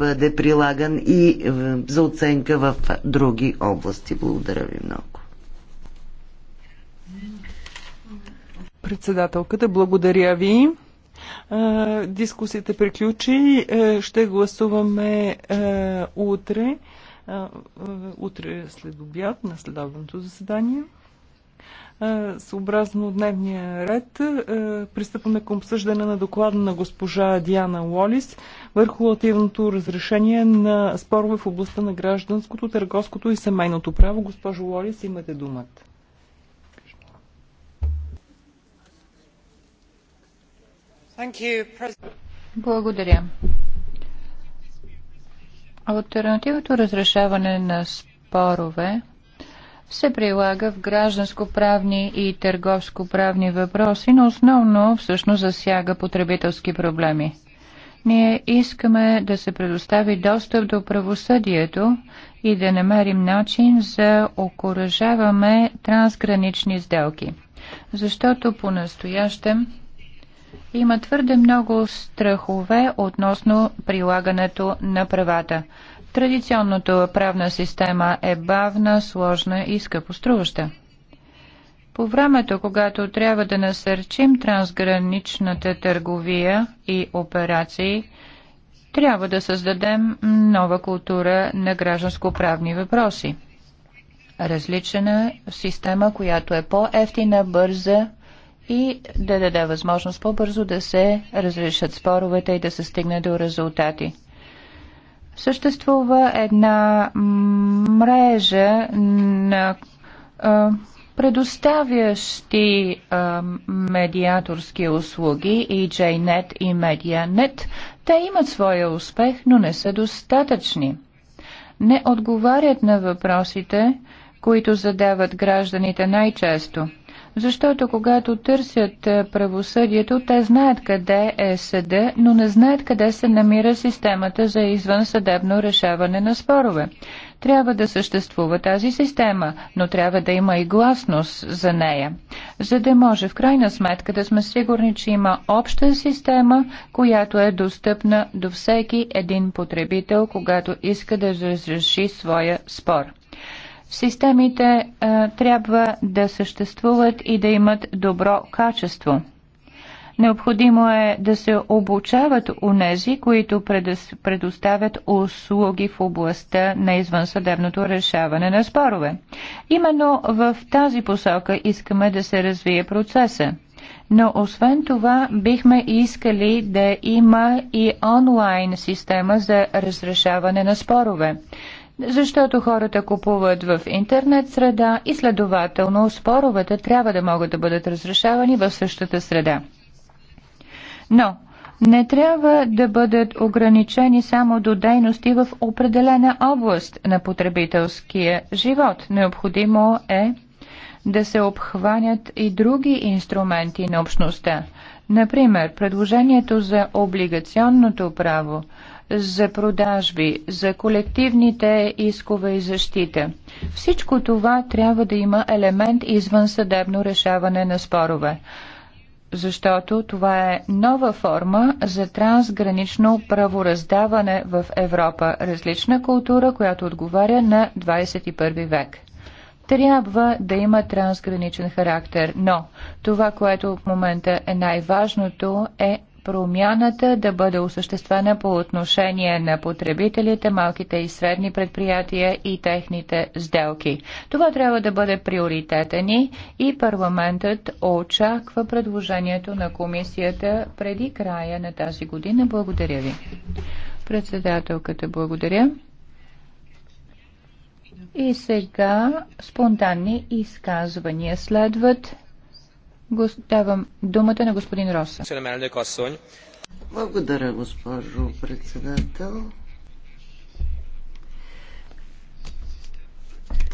бъде прилаган и е, за оценка в други области. Благодаря ви много. Председателката, благодаря ви. Е, дискусията приключи. Е, ще гласуваме утре. Утре след обяд на следобното заседание. Съобразно дневния ред пристъпваме към обсъждане на доклада на госпожа Диана Лолис върху лативното разрешение на спорове в областта на гражданското, търговското и семейното право. Госпожо Лолис, имате думата. Благодаря. Альтернативното разрешаване на спорове се прилага в гражданско-правни и търговско-правни въпроси, но основно всъщност засяга потребителски проблеми. Ние искаме да се предостави достъп до правосъдието и да намерим начин за окоръжаваме трансгранични сделки. Защото по-настоящем има твърде много страхове относно прилагането на правата. Традиционната правна система е бавна, сложна и скъпоструваща. По времето, когато трябва да насърчим трансграничната търговия и операции, трябва да създадем нова култура на гражданско-правни въпроси. Различна система, която е по-ефтина, бърза и да даде възможност по-бързо да се разрешат споровете и да се стигне до резултати съществува една мрежа на предоставящи медиаторски услуги и e JNet и MediaNet. Те имат своя успех, но не са достатъчни. Не отговарят на въпросите, които задават гражданите най-често – защото когато търсят е, правосъдието, те знаят къде е съда, но не знаят къде се намира системата за извънсъдебно решаване на спорове. Трябва да съществува тази система, но трябва да има и гласност за нея, за да може в крайна сметка да сме сигурни, че има обща система, която е достъпна до всеки един потребител, когато иска да разреши своя спор. Системите а, е, трябва да съществуват и да имат добро качество. Необходимо е да се обучават унези, които предоставят услуги в областта на извънсъдебното решаване на спорове. Именно в тази посока искаме да се развие процеса. Но освен това бихме искали да има и онлайн система за разрешаване на спорове защото хората купуват в интернет среда и следователно споровете трябва да могат да бъдат разрешавани в същата среда. Но не трябва да бъдат ограничени само до дейности в определена област на потребителския живот. Необходимо е да се обхванят и други инструменти на общността. Например, предложението за облигационното право – за продажби, за колективните искове и защита. Всичко това трябва да има елемент извън съдебно решаване на спорове, защото това е нова форма за трансгранично правораздаване в Европа, различна култура, която отговаря на 21 век трябва да има трансграничен характер, но това, което в момента е най-важното, е промяната да бъде осъществена по отношение на потребителите, малките и средни предприятия и техните сделки. Това трябва да бъде приоритета и парламентът очаква предложението на комисията преди края на тази година. Благодаря ви. Председателката, благодаря. И сега спонтанни изказвания следват. Давам думата на господин Роса. Благодаря, госпожо председател.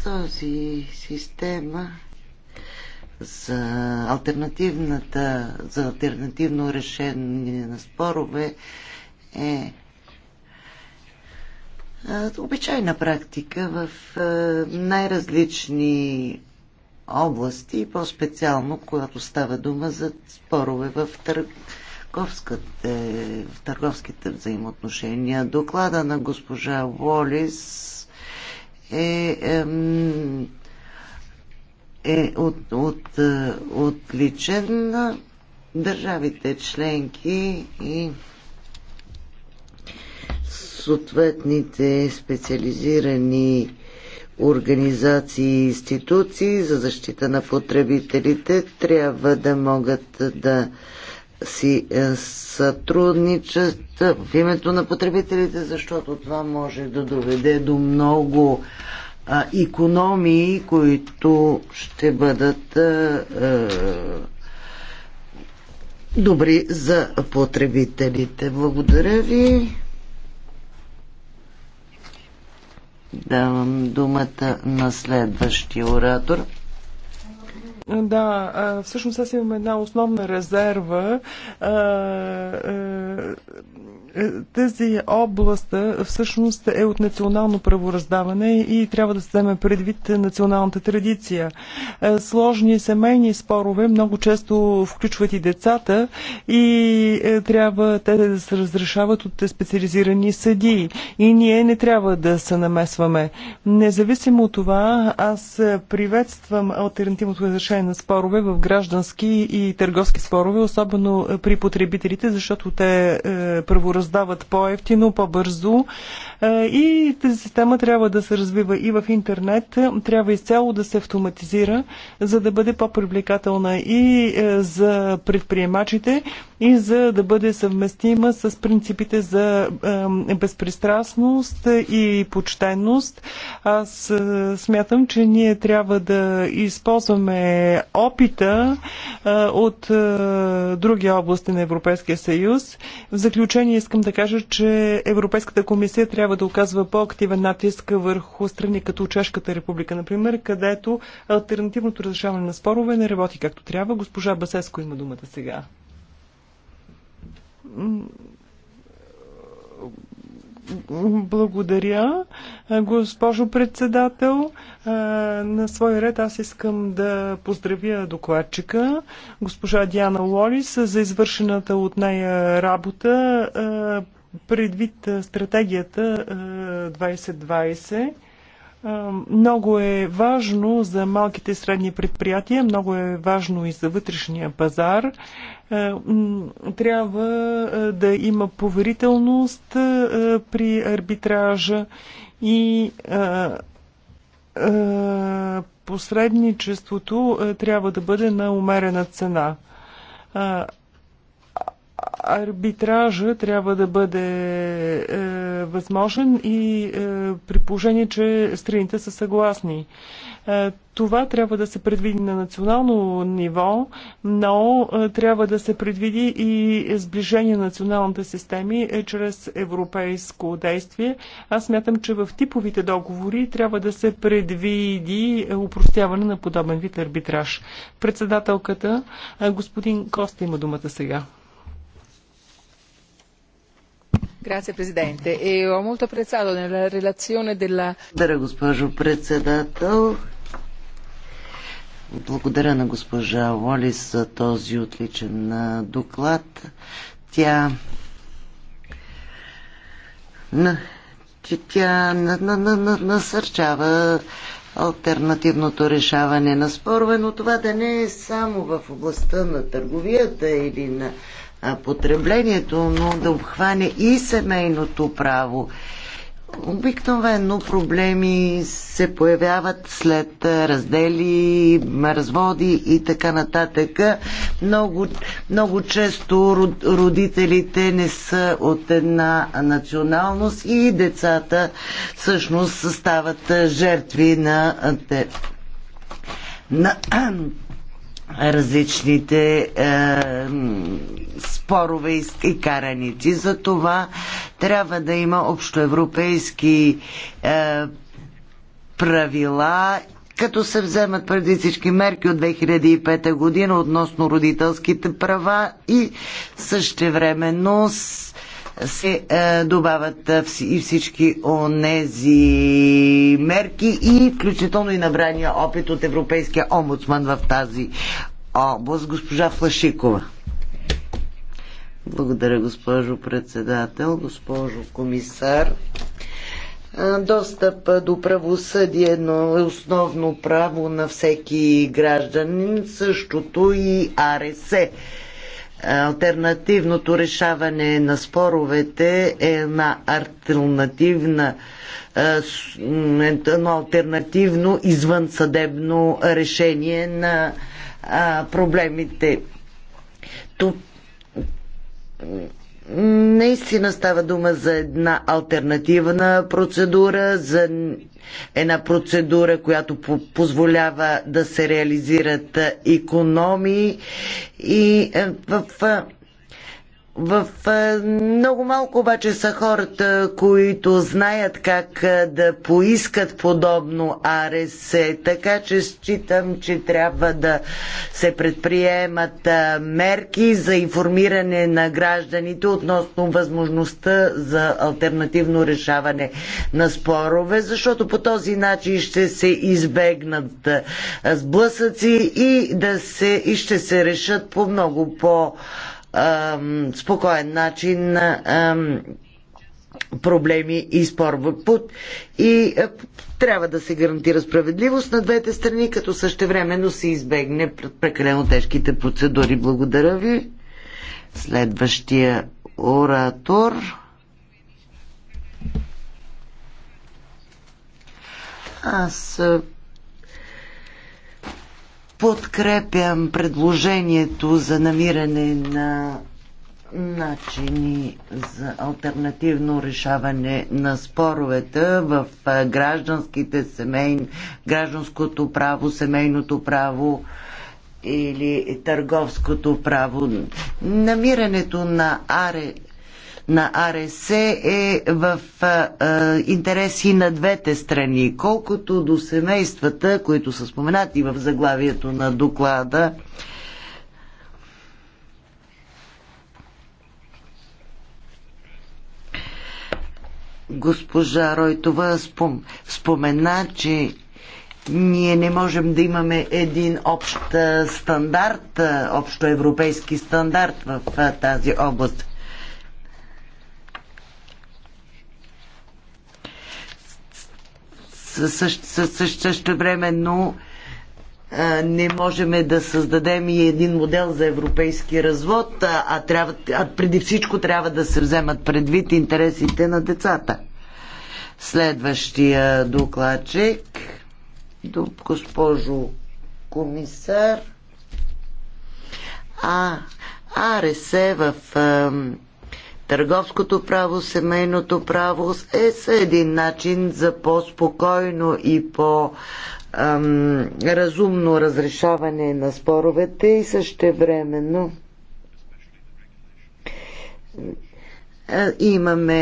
Този система за альтернативната, за альтернативно решение на спорове е, е обичайна практика в е, най-различни области, по-специално, когато става дума за спорове в търговските, в търговските взаимоотношения. Доклада на госпожа Волис е, е, е от, от, е, отличен. Държавите членки и съответните специализирани организации и институции за защита на потребителите трябва да могат да си е, сътрудничат в името на потребителите, защото това може да доведе до много а, економии, които ще бъдат а, е, а, е, добри за потребителите. Благодаря ви. Давам думата на следващия оратор. Да, всъщност аз имам една основна резерва тази област всъщност е от национално правораздаване и трябва да се вземе предвид националната традиция. Сложни семейни спорове много често включват и децата и е, трябва те да се разрешават от специализирани съдии. И ние не трябва да се намесваме. Независимо от това, аз приветствам альтернативното разрешение на спорове в граждански и търговски спорове, особено при потребителите, защото те е, правораздават раздават по-ефтино, по-бързо е, и тази система трябва да се развива и в интернет, трябва изцяло да се автоматизира, за да бъде по-привлекателна и е, за предприемачите, и за да бъде съвместима с принципите за е, безпристрастност и почтенност. Аз смятам, че ние трябва да използваме опита от други области на Европейския съюз. В заключение искам искам да кажа, че Европейската комисия трябва да оказва по-активен натиск върху страни като Чешката република, например, където альтернативното разрешаване на спорове не работи както трябва. Госпожа Басеско има думата сега. Благодаря, госпожо председател. На свой ред аз искам да поздравя докладчика, госпожа Диана Лолис, за извършената от нея работа предвид стратегията 2020 е, много е важно за малките и средни предприятия, много е важно и за вътрешния пазар. Е, трябва е, да има поверителност при арбитража и посредничеството трябва да бъде на умерена цена арбитража трябва да бъде е, възможен и е, при положение, че страните са съгласни. Е, това трябва да се предвиди на национално ниво, но е, трябва да се предвиди и сближение на националните системи е, чрез европейско действие. Аз смятам, че в типовите договори трябва да се предвиди е, упростяване на подобен вид арбитраж. Председателката, е, господин Коста има думата сега. Grazie Presidente. E ho molto apprezzato nella relazione della... Благодаря, госпожо председател. Благодаря на госпожа Волис за този отличен доклад. Тя на, че тя на, на, на, на, насърчава альтернативното решаване на спорове, но това да не е само в областта на търговията или на потреблението, но да обхване и семейното право. Обикновено проблеми се появяват след раздели, разводи и така нататък. Много, много често родителите не са от една националност и децата всъщност стават жертви на, на различните е, спорове и, караници. За това трябва да има общоевропейски е, правила като се вземат преди всички мерки от 2005 година относно родителските права и същевременно с се а, е, добавят е, и всички онези мерки и включително и набрания опит от Европейския омбудсман в тази област, госпожа Флашикова. Благодаря, госпожо председател, госпожо комисар. Е, достъп до правосъдие е основно право на всеки гражданин, същото и АРСЕ Альтернативното решаване на споровете е една альтернативна е, едно альтернативно извънсъдебно решение на проблемите. Тук наистина става дума за една альтернативна процедура, за е една процедура, която позволява да се реализират економии и в в много малко обаче са хората, които знаят как да поискат подобно АРС, така че считам, че трябва да се предприемат мерки за информиране на гражданите относно възможността за альтернативно решаване на спорове, защото по този начин ще се избегнат сблъсъци и, да се, и ще се решат по много по- спокоен начин проблеми и пут. И трябва да се гарантира справедливост на двете страни, като същевременно се избегне прекалено тежките процедури. Благодаря ви. Следващия оратор. Аз подкрепям предложението за намиране на начини за альтернативно решаване на споровете в гражданските семейни, гражданското право, семейното право или търговското право. Намирането на аре, на АРС е в а, а, интереси на двете страни. Колкото до семействата, които са споменати в заглавието на доклада, госпожа Ройтова спом, спомена, че ние не можем да имаме един общ стандарт, общо европейски стандарт в тази област. също, също, също времено не можем да създадем и един модел за европейски развод, а, а, трябва, а преди всичко трябва да се вземат предвид интересите на децата. Следващия докладчик, до госпожо комисар, а Аресе в Търговското право, семейното право е са един начин за по-спокойно и по- разумно разрешаване на споровете и също времено имаме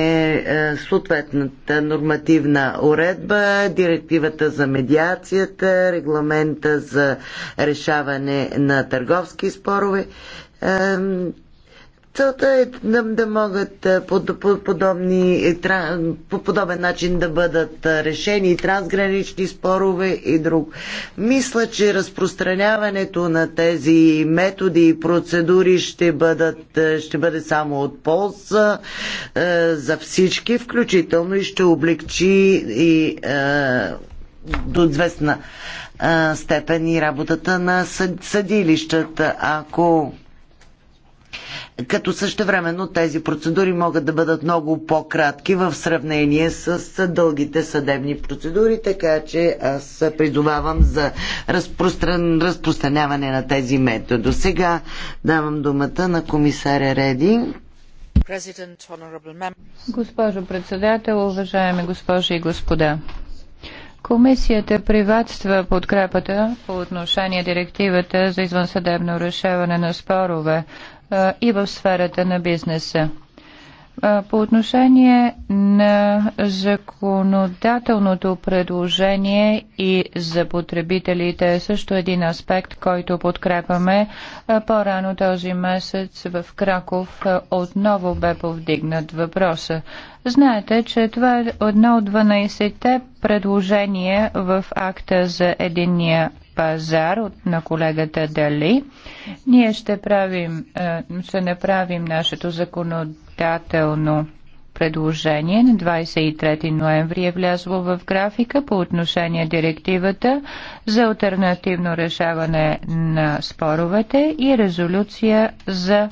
съответната нормативна уредба, директивата за медиацията, регламента за решаване на търговски спорове. Целта е да, да могат по, е, по, подобни, е, по подобен начин да бъдат е, решени трансгранични спорове и друг. Мисля, че разпространяването на тези методи и процедури ще, бъдат, ще бъде само от полза е, за всички, включително и ще облегчи и е, до известна степен и работата на съдилищата. Ако като същевременно тези процедури могат да бъдат много по-кратки в сравнение с дългите съдебни процедури, така че аз призовавам за разпростран... разпространяване на тези методи. сега давам думата на комисаря Реди. Госпожо председател, уважаеми госпожи и господа. Комисията приветства подкрепата по отношение директивата за извънсъдебно решаване на спорове и в сферата на бизнеса. По отношение на законодателното предложение и за потребителите е също един аспект, който подкрепяме. По-рано този месец в Краков отново бе повдигнат въпроса. Знаете, че това е едно от 12-те предложения в акта за единния пазар от, на колегата Дали. Ние ще, правим, е, ще направим нашето законодателно предложение на 23 ноември е влязло в графика по отношение директивата за альтернативно решаване на споровете и резолюция за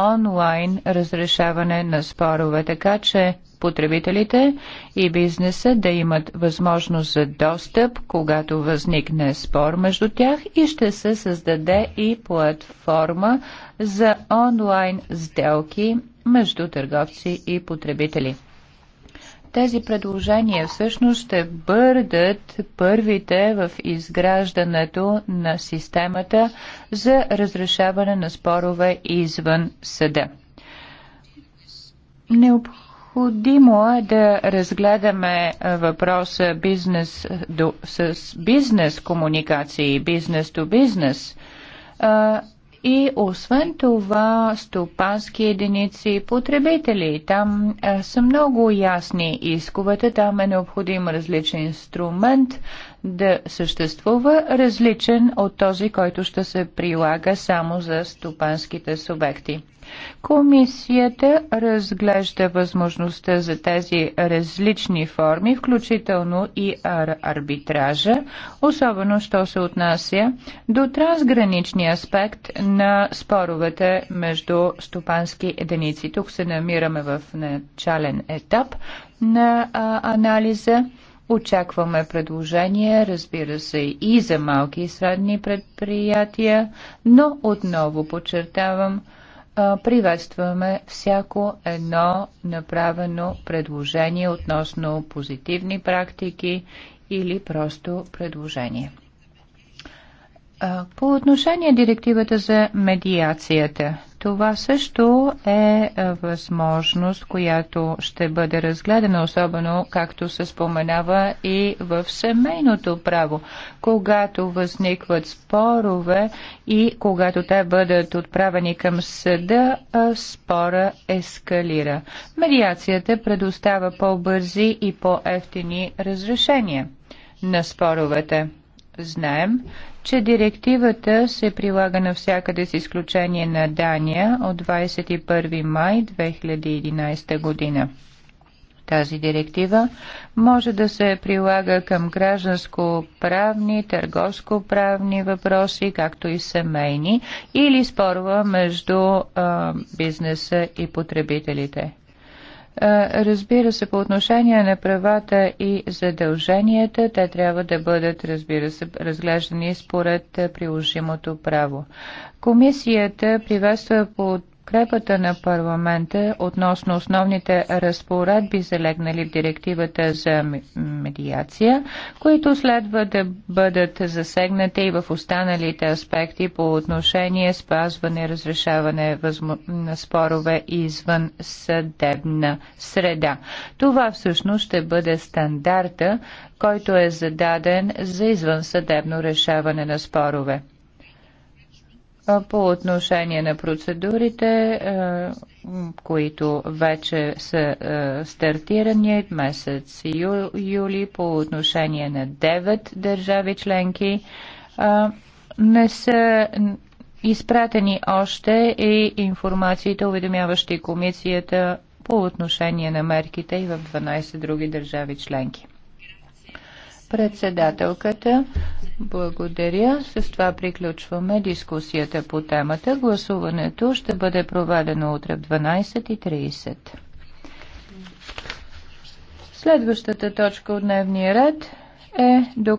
онлайн разрешаване на спорове, така че потребителите и бизнеса да имат възможност за достъп, когато възникне спор между тях и ще се създаде и платформа за онлайн сделки между търговци и потребители. Тези предложения всъщност ще бъдат първите в изграждането на системата за разрешаване на спорове извън съда. Необходимо е да разгледаме въпроса бизнес до, с бизнес комуникации, бизнес до бизнес. И освен това, стопански единици и потребители. Там е, са много ясни исковете, там е необходим различен инструмент, да съществува различен от този, който ще се прилага само за стопанските субекти. Комисията разглежда възможността за тези различни форми, включително и арбитража, особено що се отнася до трансграничния аспект на споровете между стопански единици. Тук се намираме в начален етап на а, анализа Очакваме предложения, разбира се, и за малки и средни предприятия, но отново подчертавам, приветстваме всяко едно направено предложение относно позитивни практики или просто предложение. По отношение директивата за медиацията, това също е, е възможност, която ще бъде разгледана, особено както се споменава и в семейното право, когато възникват спорове и когато те бъдат отправени към съда, спора ескалира. Медиацията предоставя по-бързи и по-ефтини разрешения на споровете. Знаем, че директивата се прилага навсякъде с изключение на Дания от 21 май 2011 година. Тази директива може да се прилага към гражданско-правни, търговско-правни въпроси, както и семейни, или спорва между а, бизнеса и потребителите. Разбира се, по отношение на правата и задълженията, те трябва да бъдат, разбира се, разглеждани според приложимото право. Комисията приветства по подкрепата на парламента относно основните разпоредби, залегнали в директивата за медиация, които следва да бъдат засегнати и в останалите аспекти по отношение спазване, разрешаване на спорове извън съдебна среда. Това всъщност ще бъде стандарта, който е зададен за извънсъдебно решаване на спорове по отношение на процедурите, които вече са стартирани месец ю, юли по отношение на 9 държави членки, не са изпратени още и информациите, уведомяващи комисията по отношение на мерките и в 12 други държави членки. Председателката, благодаря. С това приключваме дискусията по темата. Гласуването ще бъде проведено утре в 12.30. Следващата точка от дневния ред е до